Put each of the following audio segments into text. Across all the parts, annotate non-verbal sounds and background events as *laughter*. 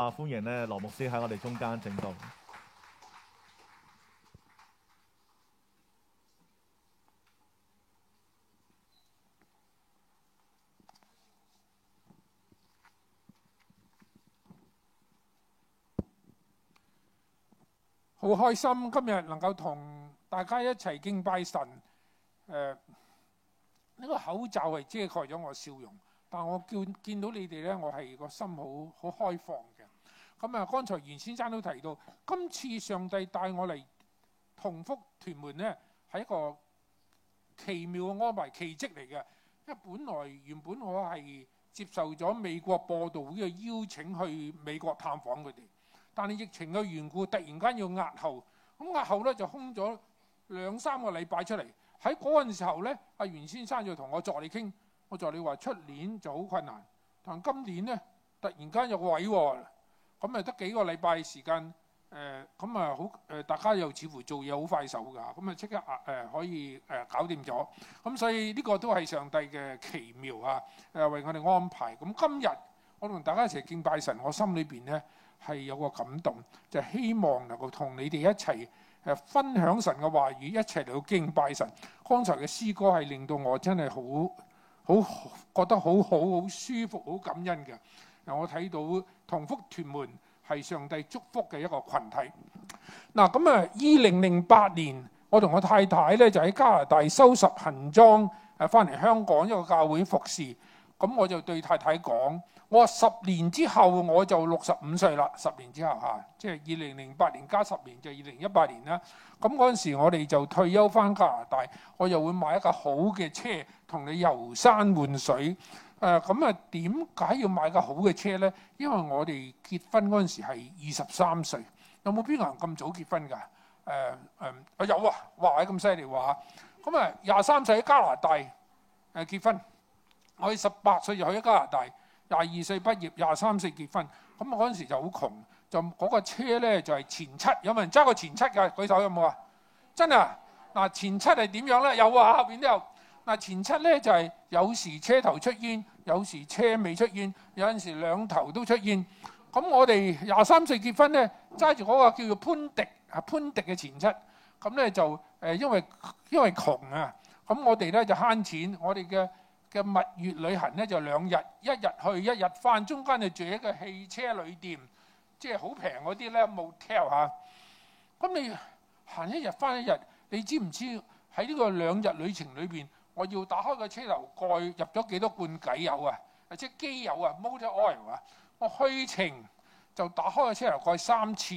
啊！歡迎咧，羅牧師喺我哋中間證道。好開心今日能夠同大家一齊敬拜神。誒、呃，呢、這個口罩係遮蓋咗我笑容，但我見見到你哋咧，我係個心好好開放。咁啊！剛才袁先生都提到，今次上帝帶我嚟同福屯門呢，係一個奇妙嘅安排、奇蹟嚟嘅。因為本來原本我係接受咗美國播道會嘅邀請去美國探訪佢哋，但係疫情嘅緣故，突然間要押後，咁押後咧就空咗兩三個禮拜出嚟。喺嗰陣時候咧，阿袁先生就同我助理傾，我助理話出年就好困難，但今年呢，突然間有個位喎。咁咪得幾個禮拜時間，誒咁啊好誒，大家又似乎做嘢好快手㗎，咁咪即刻誒、呃、可以誒、呃、搞掂咗。咁、嗯、所以呢個都係上帝嘅奇妙啊！誒、呃、為我哋安排。咁、嗯、今日我同大家一齊敬拜神，我心裏邊咧係有個感動，就係、希望能夠同你哋一齊誒分享神嘅話語，一齊嚟到敬拜神。剛才嘅詩歌係令到我真係好好，好覺得好好好舒服、好感恩嘅。我睇到同福屯門係上帝祝福嘅一個群體。嗱咁啊，二零零八年，我同我太太咧就喺加拿大收拾行裝，誒翻嚟香港一個教會服侍。咁我就對太太講：我十年之後我就六十五歲啦。十年之後嚇，即係二零零八年加十年就二零一八年啦。咁嗰陣時我哋就退休翻加拿大，我又會買一架好嘅車同你遊山玩水。誒咁啊？點解要買個好嘅車呢？因為我哋結婚嗰陣時係二十三歲，有冇邊個人咁早結婚噶？誒、啊、誒、啊，有啊，話咁犀利話。咁啊，廿、啊、三歲喺加拿大誒結婚，我哋十八歲就去咗加拿大，廿二歲畢業，廿三歲結婚。咁我嗰陣時就好窮，就嗰、那個車呢就係前七，有冇人揸過前七嘅？舉手有冇啊？真啊！嗱，前七係點樣呢？有啊，後邊都有。前七咧就係、是、有時車頭出煙，有時車尾出煙，有陣時兩頭都出煙。咁我哋廿三歲結婚咧，揸住嗰個叫做潘迪啊，潘迪嘅前七咁咧就誒、呃，因為因為窮啊。咁我哋咧就慳錢，我哋嘅嘅蜜月旅行咧就兩日，一日去，一日翻，中間就住一個汽車旅店，即係好平嗰啲咧。Motel 咁、啊、你行一日翻一日，你知唔知喺呢個兩日旅程裏邊？我要打開個車頭蓋入咗幾多罐機油啊？即係機油啊，motor oil 啊？我去情就打開個車頭蓋三次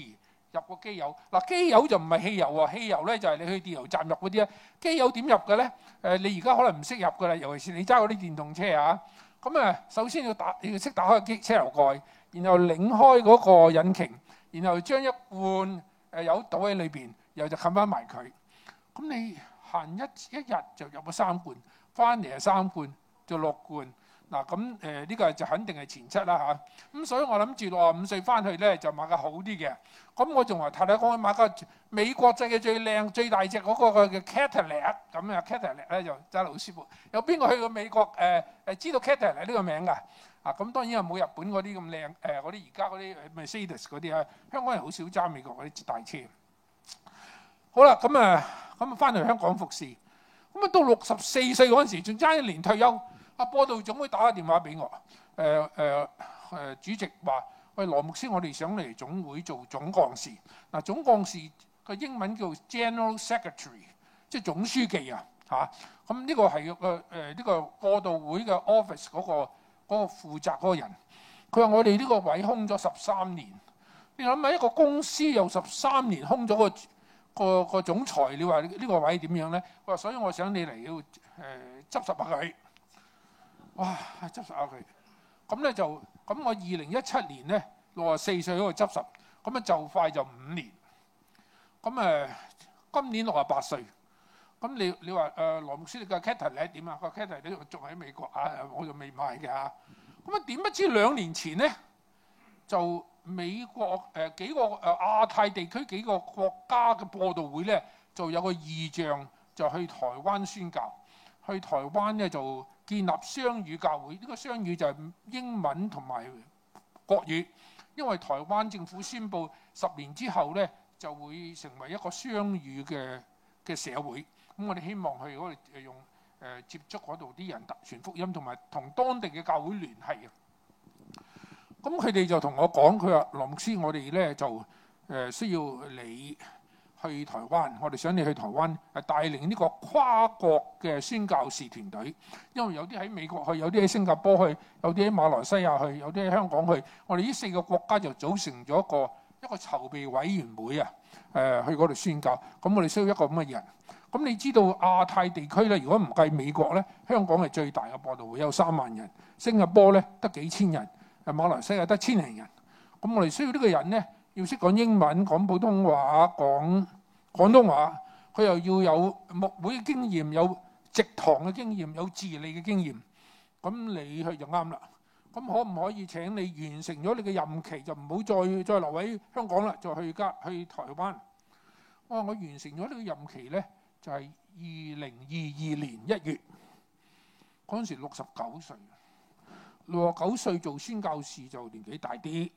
入個機油。嗱、啊，機油就唔係汽油喎、啊，汽油咧就係、是、你去電油站入嗰啲咧。機油點入嘅咧？誒、呃，你而家可能唔識入嘅啦，尤其是你揸嗰啲電動車啊。咁啊，首先要打要識打開個機車頭蓋，然後擰開嗰個引擎，然後將一罐誒、呃、油倒喺裏邊，然後就冚翻埋佢。咁、啊、你？行一一日，就入咗三罐，翻嚟係三罐，就六罐。嗱，咁、誒、呢個就肯定係前七啦吓，咁、啊、所以我諗住話五歲翻去咧就買個好啲嘅。咁我仲話太太講去買個美國製嘅最靚最大隻嗰個嘅 Catalyst 咁，啊 Catalyst 咧就揸得好舒服。有邊個去過美國誒、誒、呃、知道 Catalyst 呢個名㗎？啊，咁當然又冇日本嗰啲咁靚，誒，嗰啲而家嗰啲咪 Citus 嗰啲啊，香港人好少揸美國嗰啲大車。好啦，咁、嗯、啊，咁、嗯、啊，翻嚟香港服侍。咁、嗯、啊，到六十四歲嗰陣時，仲爭一年退休。阿波道總會打個電話俾我，誒誒誒，主席話：喂，羅牧師，我哋想嚟總會做總幹事。嗱、啊，總幹事嘅英文叫 General Secretary，即係總書記啊，嚇、啊。咁、嗯、呢、這個係、呃，這個誒呢、那個波道會嘅 office 嗰個嗰個負責嗰個人。佢話我哋呢個位空咗十三年，你諗下一個公司又十三年空咗、那個。個個總裁，你話呢個位點樣咧？哇！所以我想你嚟要誒執拾下佢。哇！執拾下佢，咁咧就咁我二零一七年咧六十四歲嗰度執拾，咁啊就快就五年，咁誒、呃、今年六十八歲，咁你你話誒、呃、羅牧師嘅 Cater 你係點啊？個 Cater 你仲喺美國啊，我就未買嘅。咁啊點不知兩年前咧就。美國誒、呃、幾個誒亞、呃、太地區幾個國家嘅播道會呢，就有個異象就去台灣宣教，去台灣呢，就建立雙語教會。呢、呢個雙語就係英文同埋國語，因為台灣政府宣布十年之後呢，就會成為一個雙語嘅嘅社會。咁我哋希望去嗰度用誒、呃、接觸嗰度啲人傳福音，同埋同當地嘅教會聯繫。咁佢哋就同我講，佢話羅牧師，我哋咧就誒、呃、需要你去台灣。我哋想你去台灣係帶領呢個跨國嘅宣教士團隊，因為有啲喺美國去，有啲喺新加坡去，有啲喺馬來西亞去，有啲喺香港去。我哋呢四個國家就組成咗一個一個籌備委員會啊，誒、呃、去嗰度宣教。咁我哋需要一個咁嘅人。咁你知道亞太地區咧，如果唔計美國咧，香港係最大嘅播道會，有三萬人，新加坡咧得幾千人。誒馬來西亞得千零人，咁我哋需要呢個人呢，要識講英文、講普通話、講廣東話，佢又要有牧會經驗、有植堂嘅經驗、有治理嘅經驗，咁你去就啱啦。咁可唔可以請你完成咗你嘅任期，就唔好再再留喺香港啦，再去家去台灣。我、啊、我完成咗呢個任期呢，就係二零二二年一月，嗰陣時六十九歲。六九歲做宣教士就年紀大啲，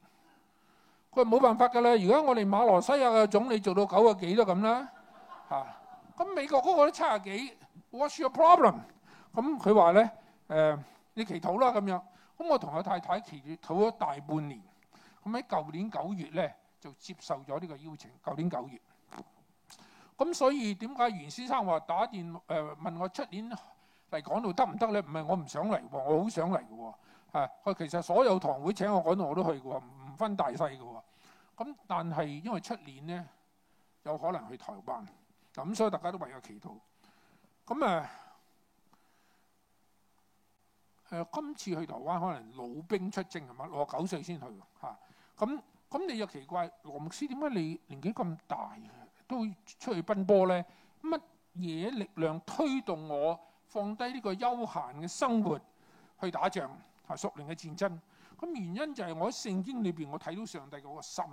佢話冇辦法㗎啦。而家我哋馬來西亞嘅總理做到九啊幾都咁啦，嚇 *laughs* 咁、啊、美國嗰個都七啊幾。What's your problem？咁佢話咧誒，你祈禱啦咁樣。咁我同我太太祈禱咗大半年，咁喺舊年九月咧就接受咗呢個邀請。舊年九月，咁所以點解袁先生話打電誒、呃、問我出年嚟講道得唔得咧？唔係我唔想嚟喎，我好想嚟嘅喎。啊！佢其實所有堂會請我趕到我都去過，唔分大細嘅喎。咁但係因為出年呢，有可能去台灣，咁所以大家都唯有祈禱。咁誒誒，今次去台灣可能老兵出征啊嘛，六十九歲先去嚇。咁咁你又奇怪，羅牧師點解你年紀咁大都出去奔波咧？乜嘢力量推動我放低呢個休閒嘅生活去打仗？係索命嘅戰爭，咁原因就係我喺聖經裏邊我睇到上帝嗰個心。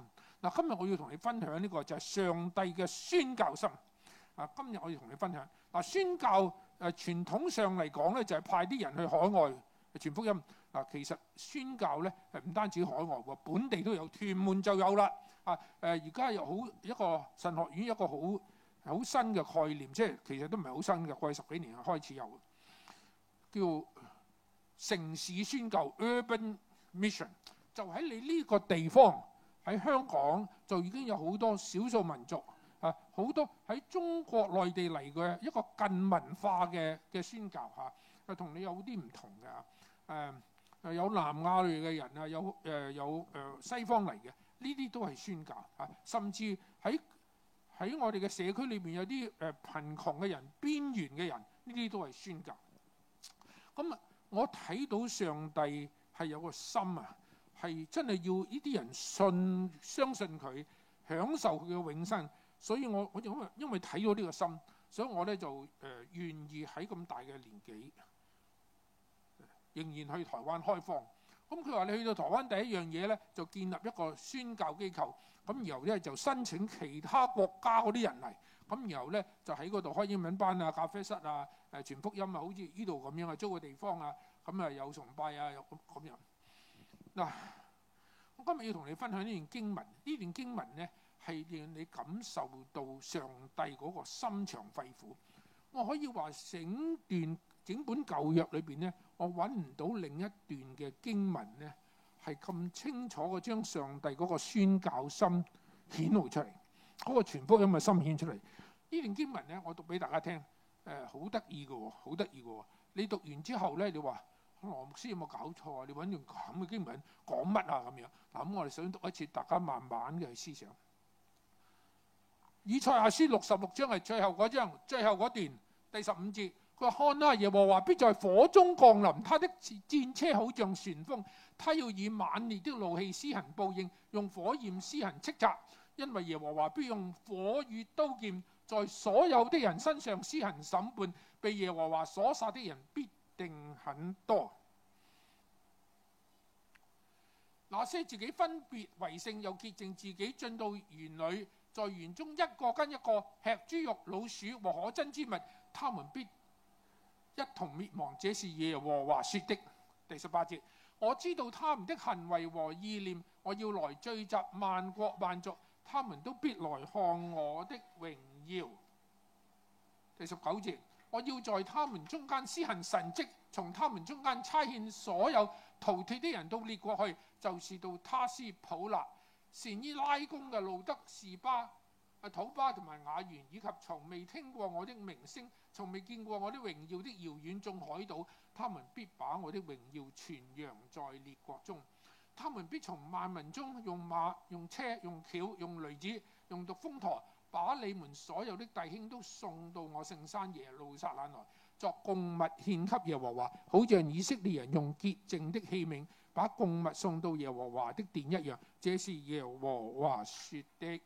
嗱，今日我要同你分享呢、這個就係、是、上帝嘅宣教心。啊，今日我要同你分享。嗱、啊，宣教誒、啊、傳統上嚟講咧就係、是、派啲人去海外傳福音。嗱、啊，其實宣教咧係唔單止海外喎，本地都有，屯門就有啦。啊，誒而家有好一個神學院，一個好好新嘅概念，即係其實都唔係好新嘅，過去十幾年開始有叫。城市宣教 （Urban Mission） 就喺你呢個地方，喺香港，就已經有好多少數民族啊，好多喺中國內地嚟嘅一個近文化嘅嘅宣教吓，就、啊、同你有啲唔同嘅誒、啊，有南亞嚟嘅人啊，有誒、呃、有誒、呃、西方嚟嘅，呢啲都係宣教吓、啊，甚至喺喺我哋嘅社區裏邊有啲誒貧窮嘅人、邊緣嘅人，呢啲都係宣教咁。嗯。我睇到上帝係有個心啊，係真係要呢啲人信相信佢，享受佢嘅永生。所以我好似因為睇到呢個心，所以我咧就誒、呃、願意喺咁大嘅年紀，仍然去台灣開荒。咁佢話你去到台灣第一樣嘢咧，就建立一個宣教機構。咁然後咧就申請其他國家嗰啲人嚟。咁然後咧就喺嗰度開英文班啊、咖啡室啊、誒全福音啊，好似呢度咁樣啊，租個地方啊，咁、嗯、啊有崇拜啊，咁咁樣。嗱，我今日要同你分享呢段經文，呢段經文咧係令你感受到上帝嗰個心腸肺腑。我可以話整段整本舊約裏邊咧，我揾唔到另一段嘅經文咧係咁清楚嘅將上帝嗰個宣教心顯露出嚟。嗰、那個傳福音嘅心顯出嚟，呢段經文咧，我讀俾大家聽，誒好得意嘅喎，好得意嘅喎，你讀完之後咧，你話羅牧師有冇搞錯啊？你揾用咁嘅經文講乜啊咁樣？嗱、嗯，咁我哋想讀一次，大家慢慢嘅去思想。以賽亞書六十六章係最後嗰章，最後嗰段第十五節，佢話：看啦，耶和華必在火中降臨，他的戰車好像旋風，他要以猛烈的怒氣施行報應，用火焰施行斥責。因為耶和華必用火與刀劍，在所有的人身上施行審判，被耶和華所殺的人必定很多。那些自己分別為聖又潔淨自己，進到園裏，在園中一個跟一個吃豬肉、老鼠和可憎之物，他們必一同滅亡。這是耶和華說的。第十八節，我知道他們的行為和意念，我要來聚集萬國萬族。他們都必來看我的榮耀。第十九節，我要在他們中間施行神蹟，從他們中間差遣所有逃脫的人到列國去，就是到他斯普勒、善於拉弓嘅路德士巴、阿、啊、土巴同埋雅完，以及從未聽過我的名聲、從未見過我的榮耀的遙遠眾海島，他們必把我的榮耀傳揚在列國中。他們必從萬民中用馬、用車、用轎、用驢子、用獨峰駝，把你們所有的弟兄都送到我聖山耶路撒冷來，作貢物獻給耶和華，好像以色列人用潔淨的器皿把貢物送到耶和華的殿一樣。這是耶和華說的。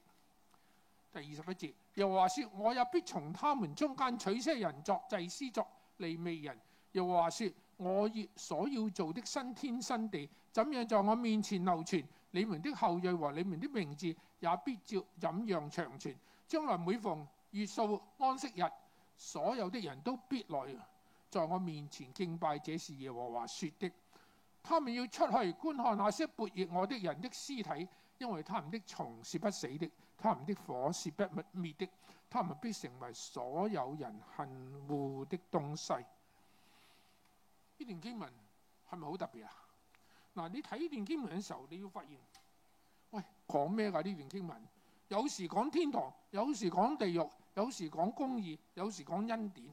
第二十一節，又話說：我也必從他們中間取些人作祭司，作利未人。又話說。我所要做的新天新地，怎樣在我面前流傳？你們的後裔和你們的名字也必照樣長存。將來每逢月數安息日，所有的人都必來在我面前敬拜。這是耶和華說的。他們要出去觀看那些悖逆我的人的屍體，因為他們的蟲是不死的，他們的火是不滅的，他們必成為所有人恨惡的東西。呢段經文係咪好特別啊？嗱，你睇呢段經文嘅時候，你要發現，喂，講咩噶呢段經文？有時講天堂，有時講地獄，有時講公義，有時講恩典。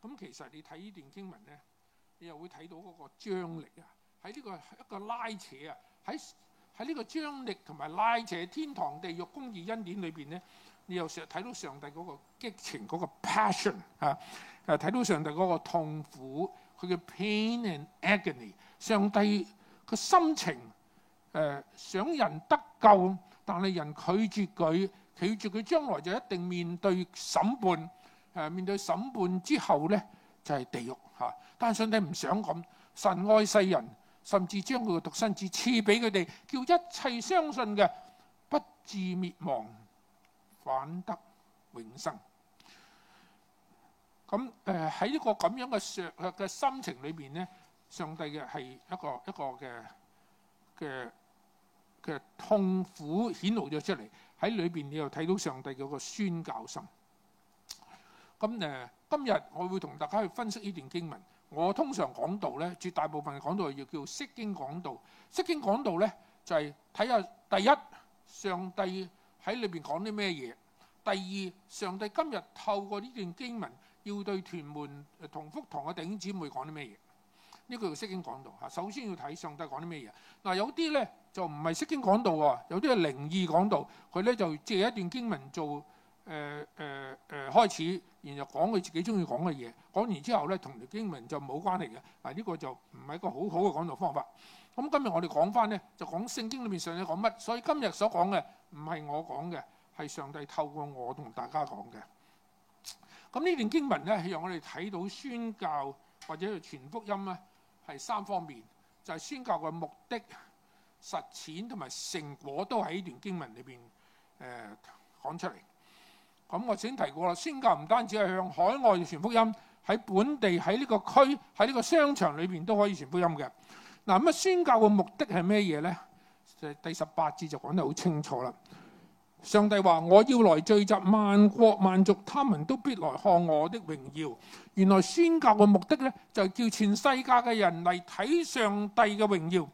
咁、嗯、其實你睇呢段經文咧，你又會睇到嗰個張力啊，喺呢、這個一個拉扯啊，喺喺呢個張力同埋拉扯天堂、地獄、公義、恩典裏邊咧。你又成日睇到上帝嗰個激情嗰、那個 passion 啊，誒、啊、睇到上帝嗰個痛苦，佢嘅 pain and agony。上帝個心情誒、呃、想人得救，但係人拒絕佢，拒絕佢，將來就一定面對審判。誒、啊、面對審判之後咧，就係、是、地獄吓、啊，但係上帝唔想咁，神愛世人，甚至將佢嘅獨生子賜俾佢哋，叫一切相信嘅不至滅亡，反得永生。咁誒喺呢個咁樣嘅上嘅心情裏邊呢，上帝嘅係一個一個嘅嘅痛苦顯露咗出嚟。喺裏邊你又睇到上帝嗰個宣教心。咁誒、呃，今日我會同大家去分析呢段經文。我通常講道呢，絕大部分講道要叫釋經講道。釋經講道呢，就係、是、睇下第一，上帝。喺裏邊講啲咩嘢？第二，上帝今日透過呢段經文，要對屯門同福堂嘅弟兄姊妹講啲咩嘢？這個、是要呢句《釋經講道》嚇，首先要睇上帝講啲咩嘢。嗱，有啲咧就唔係釋經講道喎，有啲係靈意講道，佢咧就借一段經文做。誒誒誒開始，然後講佢自己中意講嘅嘢，講完之後咧，同條經文就冇關係嘅。嗱、這、呢個就唔係一個好好嘅講道方法。咁今日我哋講返咧，就講聖經裏面上帝講乜。所以今日所講嘅唔係我講嘅，係上帝透過我同大家講嘅。咁呢段經文咧，讓我哋睇到宣教或者傳福音咧，係三方面，就係、是、宣教嘅目的、實踐同埋成果，都喺呢段經文裏邊誒講出嚟。咁我先提過啦，宣教唔單止係向海外傳福音，喺本地喺呢個區喺呢個商場裏邊都可以傳福音嘅。嗱，咁宣教嘅目的係咩嘢呢？第十八節就講得好清楚啦。上帝話：我要來聚集萬國萬族，他們都必來看我的榮耀。原來宣教嘅目的呢，就叫全世界嘅人嚟睇上帝嘅榮耀。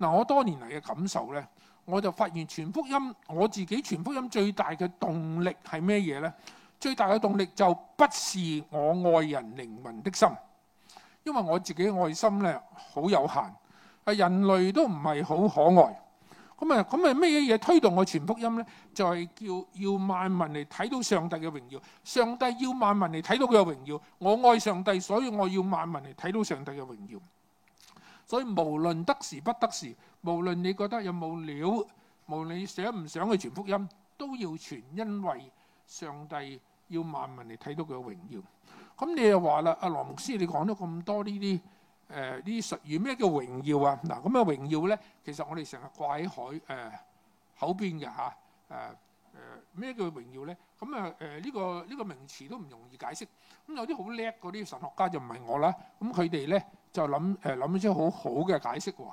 嗱，我多年嚟嘅感受呢。我就發現傳福音，我自己傳福音最大嘅動力係咩嘢呢？最大嘅動力就不是我愛人靈魂的心，因為我自己愛心咧好有限，係人類都唔係好可愛。咁啊咁啊咩嘢推動我傳福音呢？就係、是、叫要，要萬民嚟睇到上帝嘅榮耀。上帝要萬民嚟睇到佢嘅榮耀。我愛上帝，所以我要萬民嚟睇到上帝嘅榮耀。所以無論得時不得時。無論你覺得有冇料，無論你想唔想去傳福音，都要傳，因為上帝要萬民嚟睇到佢嘅榮耀。咁你又話啦，阿羅牧師，你講咗咁多呢啲誒呢啲術語，咩叫榮耀啊？嗱，咁咩榮耀咧？其實我哋成日掛喺海誒、呃、口邊嘅嚇誒誒，咩、啊呃、叫榮耀咧？咁啊誒呢個呢、這個名詞都唔容易解釋。咁有啲好叻嗰啲神學家就唔係我啦，咁佢哋咧就諗誒諗出好好嘅解釋喎。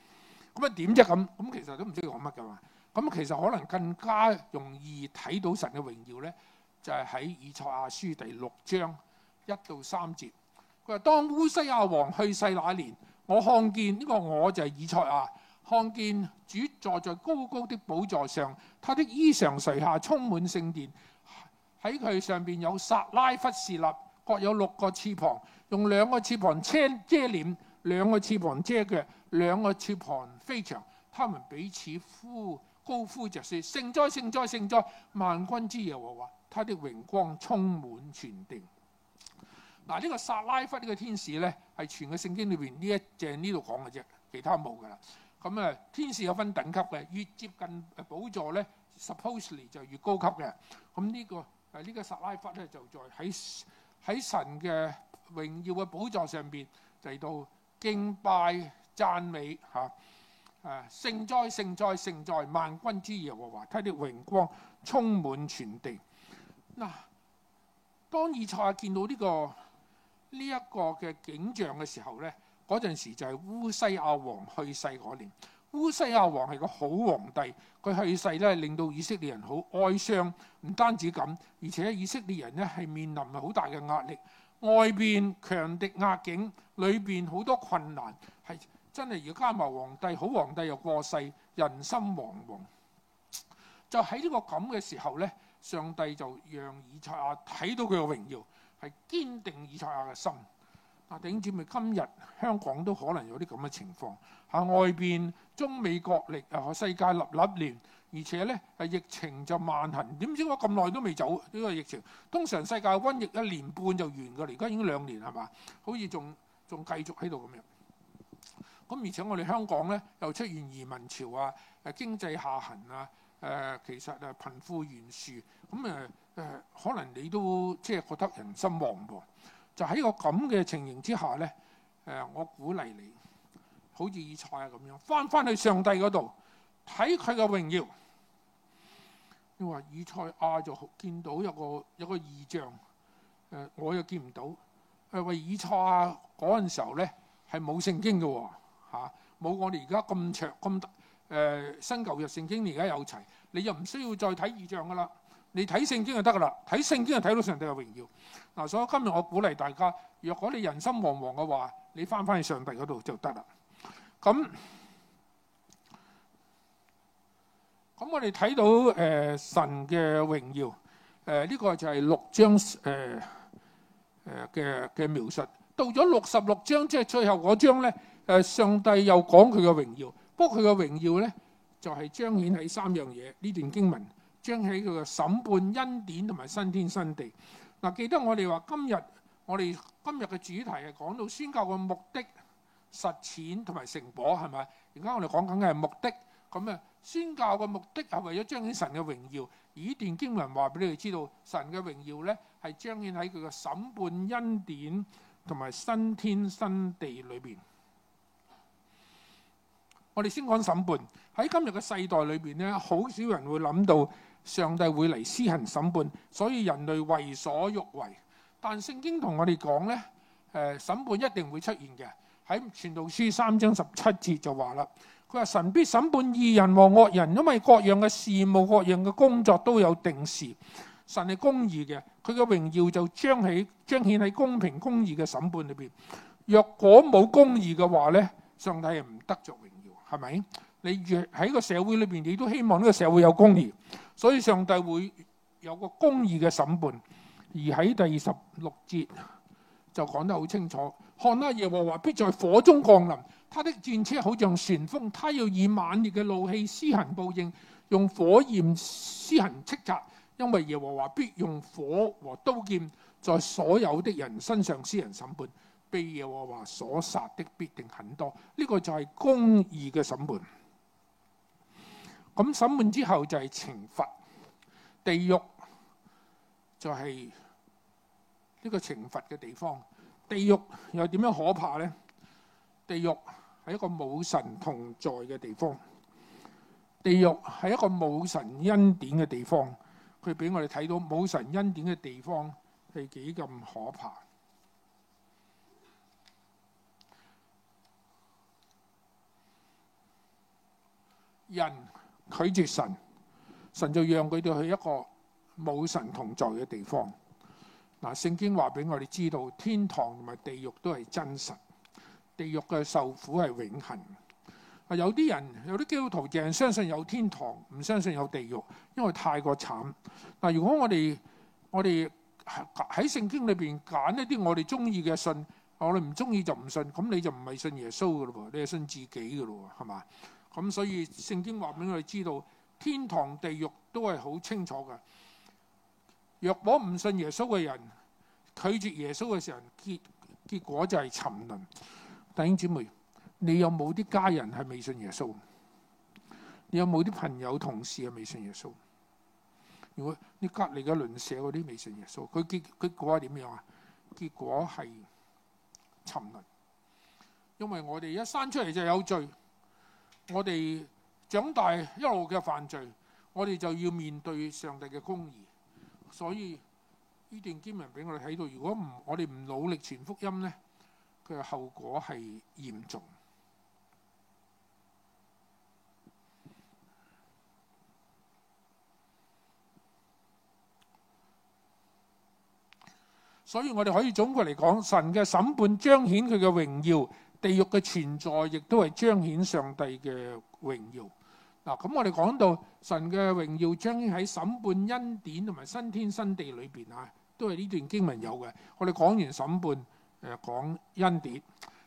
咁啊點啫咁？咁其實都唔知佢講乜噶嘛？咁其實可能更加容易睇到神嘅榮耀呢，就係喺以賽亞書第六章一到三節。佢話：當烏西亞王去世那年，我看見呢、這個我就係以賽亞，看見主坐在高高的寶座上，他的衣裳垂下充滿聖殿，喺佢上邊有撒拉弗侍立，各有六個翅膀，用兩個翅膀遮遮臉。兩個翅膀遮腳，兩個翅膀飛翔。他們彼此呼高呼着説：聖哉，聖哉，聖哉！萬軍之耶和華！他的榮光充滿全地。嗱、啊，呢、這個撒拉弗呢個天使咧，係全個聖經裏邊呢一隻呢度講嘅啫，其他冇㗎啦。咁啊，天使有分等級嘅，越接近誒寶座咧，supposedly 就越高級嘅。咁、啊、呢、這個誒呢、啊這個撒拉弗咧，就在喺喺神嘅榮耀嘅寶座上邊嚟到。敬拜讚美吓，誒、啊啊，聖哉，聖哉，聖哉，萬軍之耶和華，睇啲榮光充滿全地。嗱、啊，當以賽亞見到、這、呢個呢一、這個嘅景象嘅時候呢，嗰陣時就係烏西亞王去世嗰年。烏西亞王係個好皇帝，佢去世呢令到以色列人好哀傷。唔單止咁，而且以色列人呢係面臨好大嘅壓力。.外邊強敵壓境，裏邊好多困難，係真係。要加冇皇帝，好皇帝又過世，人心惶惶。就喺呢個咁嘅時候呢，上帝就讓以賽亞睇到佢嘅榮耀，係堅定以賽亞嘅心。頂住咪今日香港都可能有啲咁嘅情況。喺外邊，中美角力啊，世界立立亂。而且咧，誒疫情就慢行，點知我咁耐都未走呢、這個疫情？通常世界瘟疫一年半就完㗎啦，而家已經兩年係嘛？好似仲仲繼續喺度咁樣。咁而且我哋香港咧又出現移民潮啊，誒、啊、經濟下行啊，誒、啊、其實誒、啊、貧富懸殊，咁誒誒可能你都即係覺得人心惶惶。就喺個咁嘅情形之下咧，誒、啊、我鼓勵你，好似以賽亞咁樣翻返去上帝嗰度睇佢嘅榮耀。你話以賽亞就見到一個有一個異象，誒、呃，我又見唔到。誒、呃，話以賽亞嗰陣時候咧係冇聖經嘅喎、哦，冇、啊、我哋而家咁長咁大、呃、新舊約聖經而家有齊，你又唔需要再睇異象噶啦，你睇聖經就得噶啦，睇聖經就睇到上帝嘅榮耀。嗱、啊，所以今日我鼓勵大家，若果你人心惶惶嘅話，你翻返去上帝嗰度就得啦。咁。咁我哋睇到，誒神嘅榮耀，誒呢個就係六章，誒誒嘅嘅描述。到咗六十六章，即係最後嗰章咧，誒上帝又講佢嘅榮耀。不過佢嘅榮耀咧，就係彰顯喺三樣嘢。呢段經文，彰顯佢嘅審判、恩典同埋新天新地。嗱，記得我哋話今日，我哋今日嘅主題係講到宣教嘅目的、實踐同埋成果，係咪？而家我哋講緊嘅係目的。咁啊，宣教嘅目的係為咗彰顯神嘅榮耀，以呢段經文話俾你哋知道，神嘅榮耀咧係彰顯喺佢嘅審判、恩典同埋新天新地裏邊。我哋先講審判，喺今日嘅世代裏邊咧，好少人會諗到上帝會嚟施行審判，所以人類為所欲為。但聖經同我哋講咧，誒審判一定會出現嘅。喺《傳道書》三章十七節就話啦。佢話神必審判義人和惡人，因為各樣嘅事務、各樣嘅工作都有定時。神係公義嘅，佢嘅榮耀就彰、彰顯喺公平公義嘅審判裏邊。若果冇公義嘅話呢，上帝係唔得着榮耀，係咪？你若喺個社會裏邊，你都希望呢個社會有公義，所以上帝會有個公義嘅審判。而喺第二十六節就講得好清楚，看哪，耶和華必在火中降臨。他的戰車好像旋風，他要以猛烈嘅怒氣施行報應，用火焰施行斥責。因為耶和華必用火和刀劍，在所有的人身上施行審判，被耶和華所殺的必定很多。呢個就係公義嘅審判。咁審判之後就係懲罰，地獄就係呢個懲罰嘅地方。地獄又點樣可怕呢？地獄。係一個冇神同在嘅地方，地獄係一個冇神恩典嘅地方，佢俾我哋睇到冇神恩典嘅地方係幾咁可怕。人拒絕神，神就讓佢哋去一個冇神同在嘅地方。嗱，聖經話俾我哋知道，天堂同埋地獄都係真實。地獄嘅受苦係永恆。啊，有啲人有啲基督徒淨係相信有天堂，唔相信有地獄，因為太過慘。但如果我哋我哋喺聖經裏邊揀一啲我哋中意嘅信，我哋唔中意就唔信，咁你就唔係信耶穌噶咯你係信自己噶咯係嘛？咁所以聖經話俾我哋知道，天堂地獄都係好清楚嘅。若果唔信耶穌嘅人拒絕耶穌嘅時候，結結果就係沉淪。弟兄姊妹，你有冇啲家人係未信耶穌？你有冇啲朋友、同事係未信耶穌？如果你隔籬嘅鄰舍嗰啲未信耶穌，佢結果係點樣啊？結果係沉淪，因為我哋一生出嚟就有罪，我哋長大一路嘅犯罪，我哋就要面對上帝嘅公義。所以呢段經文俾我哋睇到，如果唔我哋唔努力傳福音咧？佢嘅後果係嚴重，所以我哋可以總括嚟講，神嘅審判彰顯佢嘅榮耀，地獄嘅存在亦都係彰顯上帝嘅榮耀。嗱，咁我哋講到神嘅榮耀，將喺審判恩典同埋新天新地裏邊啊，都係呢段經文有嘅。我哋講完審判。誒、呃、講恩典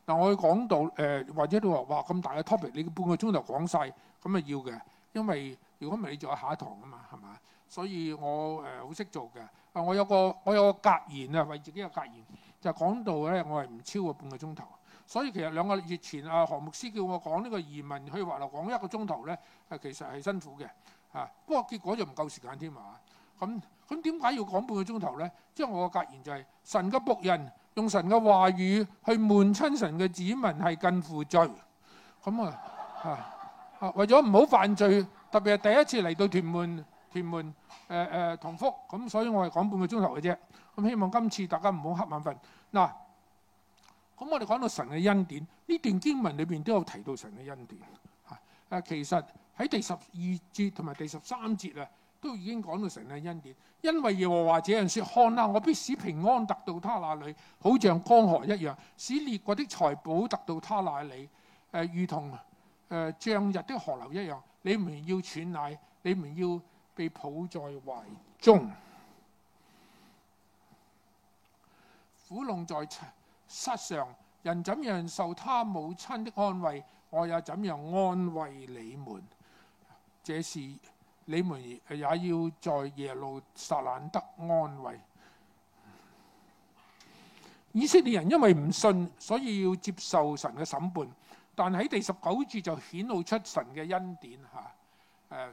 但我講到誒、呃，或者你話哇咁大嘅 topic，你半個鐘頭講晒，咁啊，要嘅，因為如果唔係你仲有下一堂啊嘛，係嘛，所以我誒好識做嘅。啊，我有個我有個格言啊，為自己嘅格言就係、講到咧，我係唔超過半個鐘頭。所以其實兩個月前啊，何牧師叫我講呢個移民去華南講一個鐘頭咧，誒、啊、其實係辛苦嘅啊。不過結果就唔夠時間添嘛。咁咁點解要講半個鐘頭咧？即、就、係、是、我嘅格言就係、是、神嘅僕人用神嘅話語去悶親神嘅子民係近乎罪。咁啊，吓，為咗唔好犯罪，特別係第一次嚟到屯門，屯門誒誒同福，咁所以我係講半個鐘頭嘅啫，咁希望今次大家唔好瞌眼瞓嗱，咁我哋講到神嘅恩典，呢段經文裏邊都有提到神嘅恩典吓，誒，其實喺第十二節同埋第十三節啊。都已經講到成嘅恩典，因為耶和華這樣説：看啊，我必使平安達到他那裡，好像江河一樣；使列國的財寶達到他那裡，誒、呃、如同誒漲、呃、日的河流一樣。你們要喘奶，你們要被抱在懷中。苦弄在膝上，人怎樣受他母親的安慰，我也怎樣安慰你們。這是。你們也要在耶路撒冷得安慰。以色列人因為唔信，所以要接受神嘅審判。但喺第十九節就顯露出神嘅恩典嚇。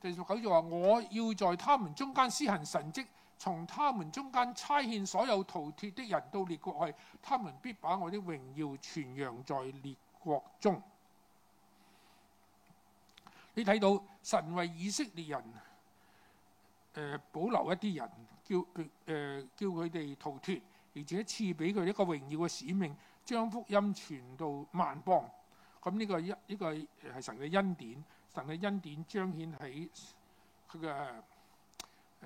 第十九節話：我要在他們中間施行神蹟，從他們中間差遣所有逃脫的人到列國去，他們必把我的榮耀傳揚在列國中。你睇到神為以色列人誒、呃、保留一啲人，叫佢誒、呃、叫佢哋逃脫，而且賜俾佢一個榮耀嘅使命，將福音傳到萬邦。咁呢個一呢個係神嘅恩典，神嘅恩典彰顯喺佢嘅、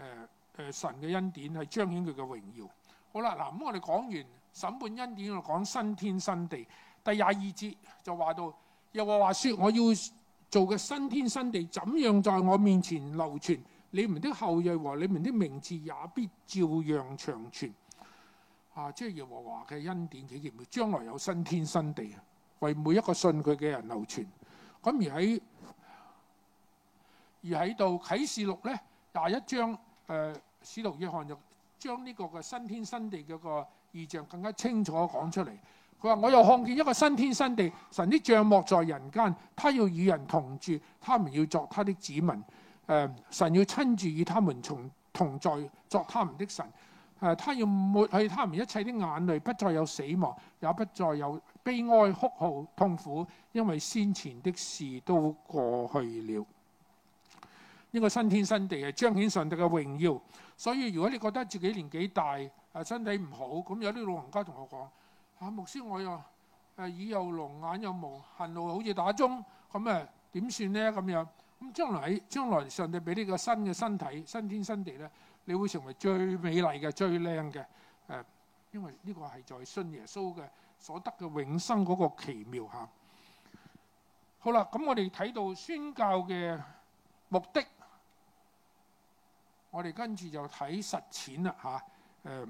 誒、誒、神嘅恩典係彰顯佢嘅榮耀。好啦，嗱，咁我哋講完審判恩典，我哋講新天新地。第廿二節就話到，又話話說我要。做嘅新天新地，怎樣在我面前流傳，你們的後裔和你們的名字也必照樣長存。啊，即係耶和華嘅恩典幾奇妙，將來有新天新地啊，為每一個信佢嘅人流傳。咁而喺而喺度啟示錄呢，廿一章，誒、呃、使徒約翰就將呢個嘅新天新地嗰個異象更加清楚講出嚟。佢話：我又看見一個新天新地，神的帳幕在人間，他要與人同住，他們要作他的子民。誒、呃，神要親自與他們同同在，作他們的神。誒、呃，他要抹去他們一切的眼淚，不再有死亡，也不再有悲哀、哭號、痛苦，因為先前的事都過去了。呢、這個新天新地係彰顯上帝嘅榮耀。所以如果你覺得自己年紀大、誒身體唔好，咁有啲老人家同我講。啊！牧師，我又誒，耳又聾，眼又毛，行路好似打鐘咁誒，點算咧？咁樣咁將來喺將來，將來上帝俾呢個新嘅身體、新天新地咧，你會成為最美麗嘅、最靚嘅誒？因為呢個係在信耶穌嘅所得嘅永生嗰個奇妙嚇。好啦，咁、嗯、我哋睇到宣教嘅目的，我哋跟住就睇實踐啦嚇誒。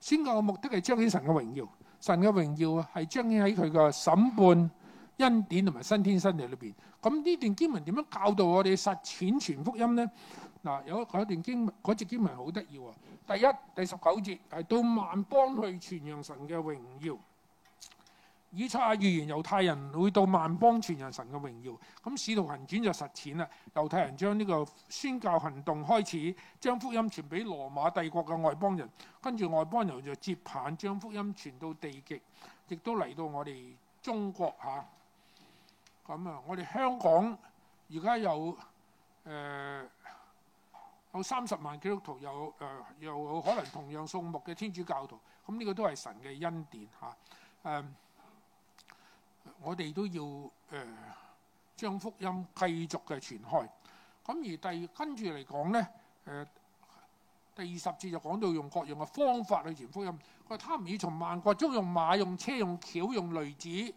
宣教嘅目的係彰顯神嘅榮耀，神嘅榮耀係彰顯喺佢嘅審判、恩典同埋新天新地裏邊。咁呢段經文點樣教導我哋實踐全福音咧？嗱，有一段經文嗰隻經文好得意啊！第一第十九節係到萬邦去傳揚神嘅榮耀，預測啊！預言猶太人會到萬邦傳揚神嘅榮耀。咁使徒行傳就實踐啦。猶太人將呢個宣教行動開始，將福音傳俾羅馬帝國嘅外邦人。跟住外邦人就接棒，將福音傳到地極，亦都嚟到我哋中國嚇。咁啊，啊，我哋香港而家有誒、呃、有三十萬基督徒，有誒又、呃、可能同樣數目嘅天主教徒。咁、啊、呢、這個都係神嘅恩典嚇。誒、啊。啊。我哋都要誒將、呃、福音繼續嘅傳開。咁而第跟住嚟講呢，誒、呃、第二十節就講到用各樣嘅方法去傳福音。佢話：他們要從萬國中用馬、用車、用橋、用驢子，誒、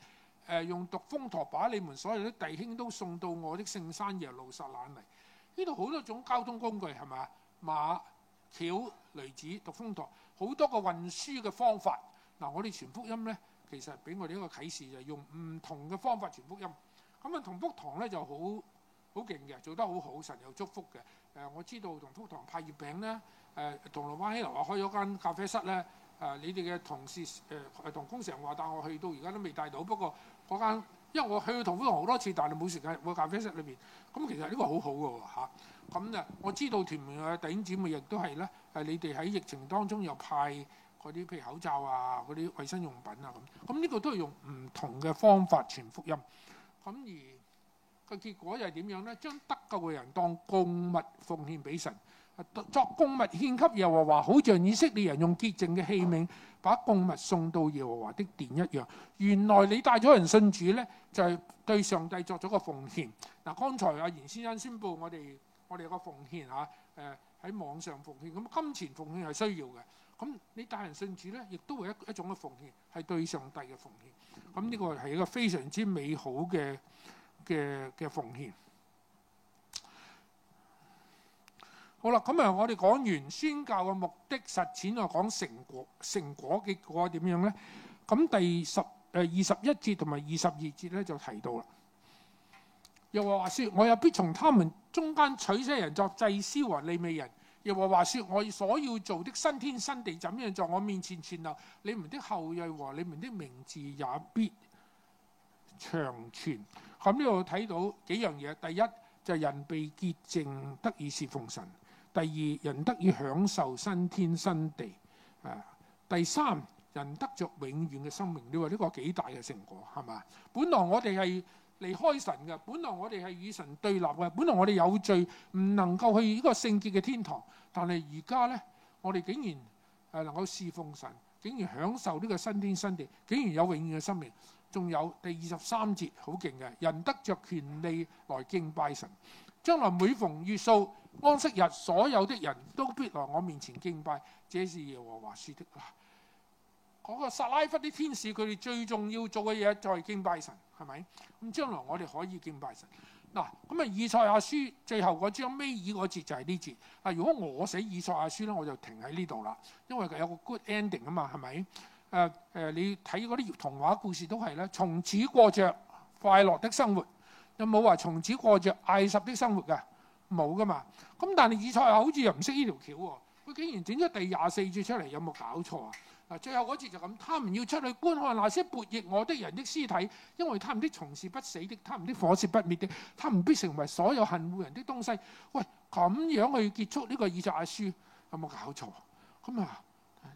呃、用獨峰駝，把你們所有啲弟兄都送到我的聖山耶路撒冷嚟。呢度好多種交通工具係咪？馬、橋、驢子、獨峰駝，好多個運輸嘅方法。嗱、呃，我哋傳福音呢。其實俾我哋一個啟示就係、是、用唔同嘅方法傳福音，咁啊同福堂咧就好好勁嘅，做得好好，神有祝福嘅。誒、呃、我知道同福堂派月餅咧，誒銅鑼灣希樓啊開咗間咖啡室咧，誒、呃、你哋嘅同事誒誒、呃、同工成日話帶我去，到而家都未帶到。不過嗰間因為我去到同福堂好多次，但係冇時間去咖啡室裏邊。咁、嗯、其實呢個好好嘅吓。咁啊、嗯嗯、我知道屯門嘅弟兄姊妹亦都係咧，誒、啊、你哋喺疫情當中又派。嗰啲譬如口罩啊，嗰啲衞生用品啊，咁咁呢個都係用唔同嘅方法傳福音。咁而個結果又係點樣呢？將得救嘅人當供物奉獻俾神，作供物獻給耶和華，好像以色列人用潔淨嘅器皿把供物送到耶和華的殿一樣。原來你帶咗人信主呢，就係對上帝作咗個奉獻。嗱，剛才阿袁先生宣布我哋我哋個奉獻嚇，誒喺網上奉獻，咁金錢奉獻係需要嘅。咁你帶人信主咧，亦都係一一種嘅奉獻，係對上帝嘅奉獻，咁呢個係一個非常之美好嘅嘅嘅奉獻。好啦，咁啊，我哋講完宣教嘅目的，實踐，就講成果、成果結果點樣咧？咁第十誒二十一節同埋二十二節咧，就提到啦。又話，話說，我又必從他們中間取些人作祭司和利未人。又話：說我所要做的新天新地，怎樣在我面前存留？你們的後裔和，和你們的名字也必長存。咁呢度睇到幾樣嘢，第一就是、人被潔淨得以侍奉神；第二人得以享受新天新地；誒、啊，第三人得着永遠嘅生命。你話呢個幾大嘅成果係嘛？本來我哋係。離開神嘅，本來我哋係與神對立嘅，本來我哋有罪，唔能夠去呢個聖潔嘅天堂。但係而家呢，我哋竟然係能夠侍奉神，竟然享受呢個新天新地，竟然有永遠嘅生命。仲有第二十三節好勁嘅，人得着權利來敬拜神。將來每逢月朔安息日，所有的人都必來我面前敬拜。這是耶和華説的。嗰個撒拉弗啲天使佢哋最重要做嘅嘢就係敬拜神，係咪？咁將來我哋可以敬拜神嗱。咁啊，以賽亞書最後嗰張尾二嗰節就係呢節。啊，如果我寫以賽亞書咧，我就停喺呢度啦，因為佢有個 good ending 啊嘛，係咪？誒、呃、誒，你睇嗰啲童話故事都係啦，從此過着快樂的生活，又冇話從此過着挨十的生活㗎，冇㗎嘛。咁但係以賽亞好似又唔識呢條橋喎，佢竟然整咗第廿四節出嚟，有冇搞錯啊？嗱，最後嗰節就咁，他們要出去觀看那些叛逆我的人的屍體，因為他們的蟲是不死的，他們的火是不滅的，他們必成為所有恨惡人的東西。喂，咁樣去結束呢個以賽亞書，有冇搞錯？咁啊，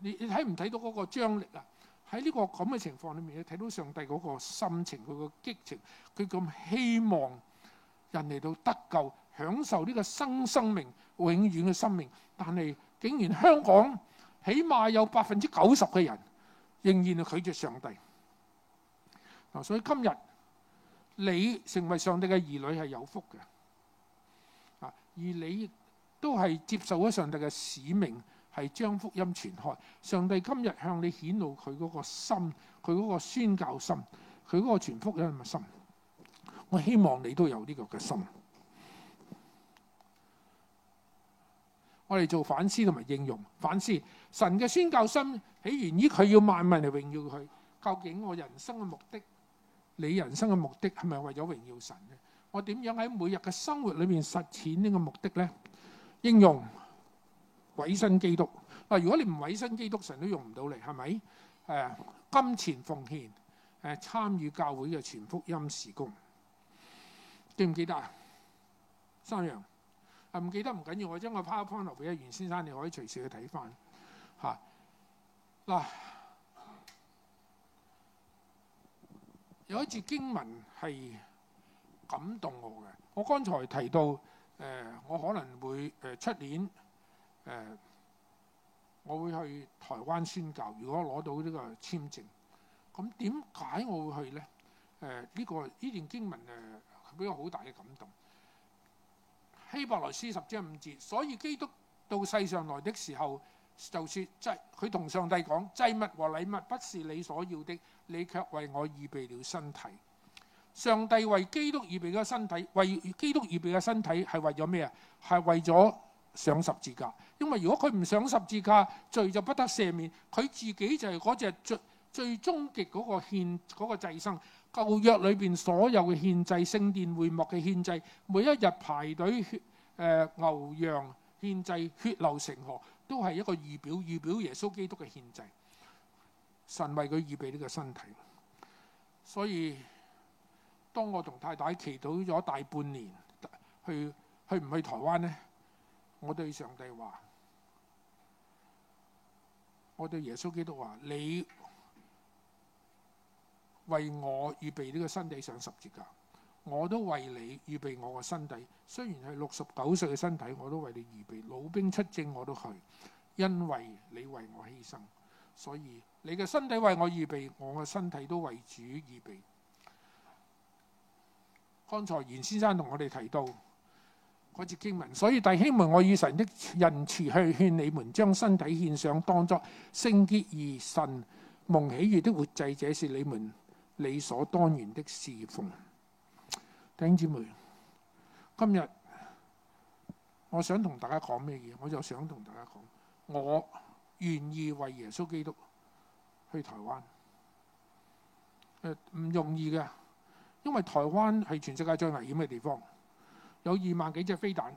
你你睇唔睇到嗰個張力啊？喺呢個咁嘅情況裏面，你睇到上帝嗰個心情，佢個激情，佢咁希望人嚟到得救，享受呢個新生命、永遠嘅生命，但係竟然香港。起碼有百分之九十嘅人仍然拒絕上帝，嗱，所以今日你成為上帝嘅兒女係有福嘅，而你都係接受咗上帝嘅使命，係將福音傳開。上帝今日向你顯露佢嗰個心，佢嗰個宣教心，佢嗰個傳福音嘅心。我希望你都有呢個嘅心。我哋做反思同埋應用。反思神嘅宣教心起源於佢要萬民嚟榮耀佢。究竟我人生嘅目的，你人生嘅目的係咪為咗榮耀神呢？我點樣喺每日嘅生活裏面實踐呢個目的呢？應用，委身基督。嗱，如果你唔委身基督，神都用唔到你，係咪？誒、啊，金錢奉獻，誒、啊，參與教會嘅全福音事工，記唔記得啊？三樣。唔記得唔緊要，我將個 PowerPoint 留俾阿袁先生，你可以隨時去睇翻。嗱、啊，有一節經文係感動我嘅。我剛才提到、呃、我可能會出、呃、年、呃、我會去台灣宣教。如果攞到呢個簽證，咁點解我會去咧？誒、呃、呢、呢個呢段經文誒，俾、呃、我好大嘅感動。希伯來書十章五節，所以基督到世上來的時候，就說：即佢同上帝講，祭物和禮物不是你所要的，你卻為我預備了身體。上帝為基督預備嘅身體，為基督預備嘅身體係為咗咩啊？係為咗上十字架。因為如果佢唔上十字架，罪就不得赦免。佢自己就係嗰隻最最終極嗰個獻、嗰個祭牲。舊約裏邊所有嘅獻祭，聖殿會幕嘅獻祭，每一日排隊血誒、呃、牛羊獻祭，血流成河，都係一個預表預表耶穌基督嘅獻祭，神為佢預備呢個身體，所以當我同太太祈禱咗大半年，去去唔去台灣呢？我對上帝話：我對耶穌基督話你。為我預備呢個身體上十字架，我都為你預備我個身體。雖然係六十九歲嘅身體，我都為你預備。老兵出征我都去，因為你為我犧牲，所以你嘅身體為我預備，我嘅身體都為主預備。剛才袁先生同我哋提到嗰節經文，所以弟兄們，我以神的仁慈去勸你們，將身體獻上，當作聖潔而神蒙喜悅的活祭，這是你們理所當然的侍奉，弟兄姊妹，今日我想同大家講咩嘢？我就想同大家講，我願意為耶穌基督去台灣。呃，唔容易嘅，因為台灣係全世界最危險嘅地方，有二萬幾隻飛彈。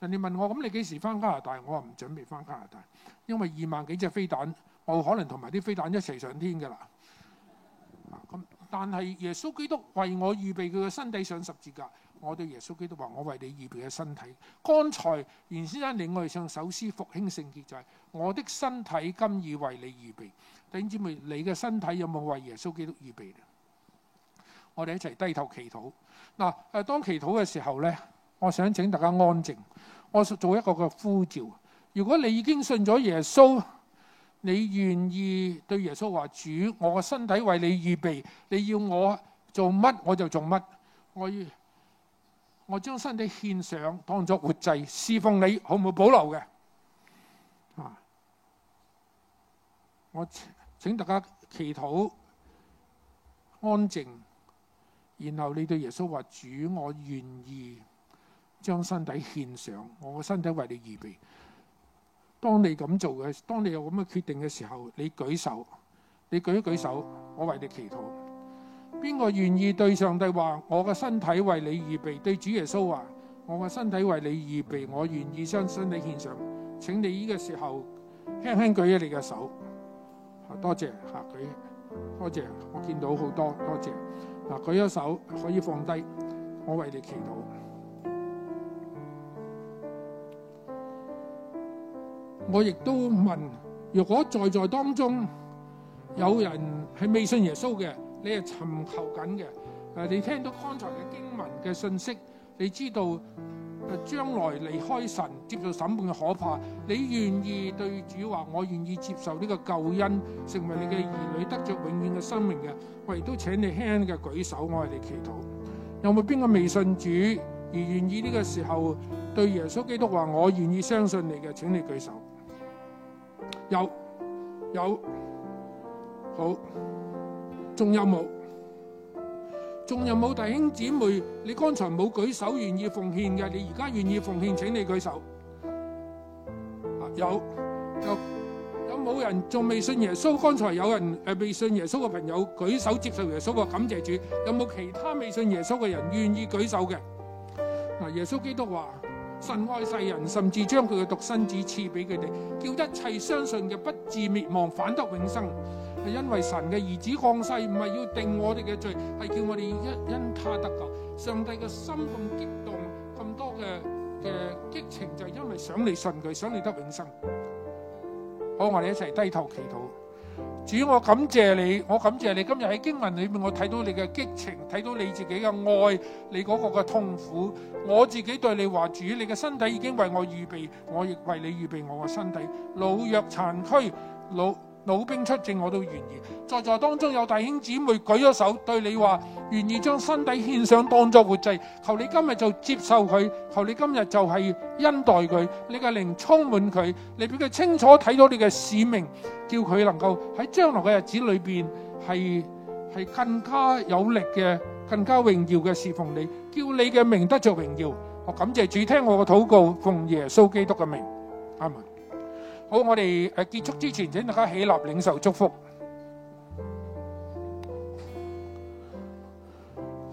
人哋問我咁，你幾時翻加拿大？我話唔準備翻加拿大，因為二萬幾隻飛彈，我可能同埋啲飛彈一齊上天噶啦。啊嗯但係耶穌基督為我預備佢嘅身體上十字架，我對耶穌基督話：我為你預備嘅身體。剛才袁先生領我哋上首詩復興聖潔》，就係我的身體今已為你預備。弟兄姊妹，你嘅身體有冇為耶穌基督預備？我哋一齊低頭祈禱。嗱，誒，當祈禱嘅時候呢，我想請大家安靜。我做一個嘅呼召，如果你已經信咗耶穌。你願意對耶穌話，主，我個身體為你預備，你要我做乜我就做乜，我我將身體獻上當作活祭，侍奉你，好唔好保留嘅。啊，我請大家祈禱安靜，然後你對耶穌話，主，我願意將身體獻上，我個身體為你預備。當你咁做嘅，當你有咁嘅決定嘅時候，你舉手，你舉一舉手，我為你祈禱。邊個願意對上帝話：我嘅身體為你預備；對主耶穌話：我嘅身體為你預備。我願意將身體獻上，請你呢個時候輕輕舉一你嘅手。多謝吓舉，多謝我見到好多多謝。嗱舉咗手可以放低，我為你祈禱。我亦都問：若果在在當中有人係未信耶穌嘅，你係尋求緊嘅？誒，你聽到剛才嘅經文嘅信息，你知道誒將來離開神接受審判嘅可怕。你願意對主話：我願意接受呢個救恩，成為你嘅兒女，得著永遠嘅生命嘅？我亦都請你輕輕嘅舉手，我嚟祈禱。有冇邊個未信主而願意呢個時候對耶穌基督話：我願意相信你嘅？請你舉手。有有好，仲有冇？仲有冇弟兄姊妹？你剛才冇舉手願意奉獻嘅，你而家願意奉獻，請你舉手。啊，有有有冇人仲未信耶穌？剛才有人誒、呃、未信耶穌嘅朋友舉手接受耶穌嘅，感謝主。有冇其他未信耶穌嘅人願意舉手嘅？嗱，啊，耶穌基督話。神愛世人，甚至將佢嘅獨生子賜俾佢哋，叫一切相信嘅不致滅亡，反得永生。係因為神嘅兒子降世，唔係要定我哋嘅罪，係叫我哋因因他得救。上帝嘅心咁激動，咁多嘅嘅激情，就係因為想你信佢，想你得永生。好，我哋一齊低頭祈禱。主，我感謝你，我感謝你今日喺經文裏面，我睇到你嘅激情，睇到你自己嘅愛，你嗰個嘅痛苦。我自己對你話，主，你嘅身體已經為我預備，我亦為你預備我嘅身體，老弱殘軀，老老兵出征，我都願意。在座，座當中有弟兄姊妹舉咗手，對你話願意將身體獻上，當作活祭，求你今日就接受佢，求你今日就係恩待佢，你嘅靈充滿佢，你俾佢清楚睇到你嘅使命。叫佢能夠喺將來嘅日子裏邊係係更加有力嘅、更加榮耀嘅侍奉你，叫你嘅名得着榮耀。我感謝主，聽我嘅禱告，奉耶穌基督嘅名，阿門。好，我哋誒結束之前，請大家起立領受祝福。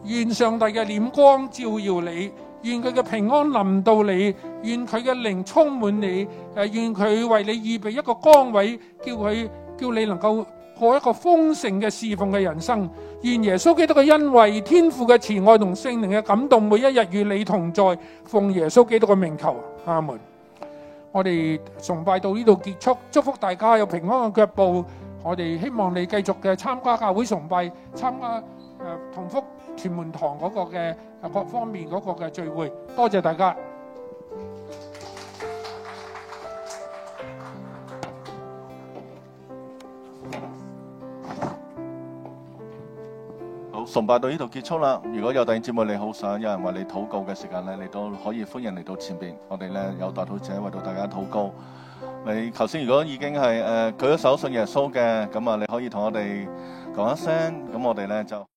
願上帝嘅臉光照耀你，願佢嘅平安臨到你。願佢嘅靈充滿你，誒，願佢為你預備一個崗位，叫佢叫你能夠過一個豐盛嘅侍奉嘅人生。願耶穌基督嘅恩惠、天父嘅慈愛同聖靈嘅感動，每一日與你同在。奉耶穌基督嘅名求，阿門。我哋崇拜到呢度結束，祝福大家有平安嘅腳步。我哋希望你繼續嘅參加教會崇拜，參加誒同福屯門堂嗰個嘅各方面嗰個嘅聚會。多謝大家。崇拜到呢度結束啦！如果有弟兄姊妹你好想有人為你禱告嘅時間咧，你都可以歡迎嚟到前邊。我哋咧有代禱者為到大家禱告。你頭先如果已經係誒、呃、舉咗手信耶穌嘅，咁啊你可以同我哋講一聲，咁我哋咧就。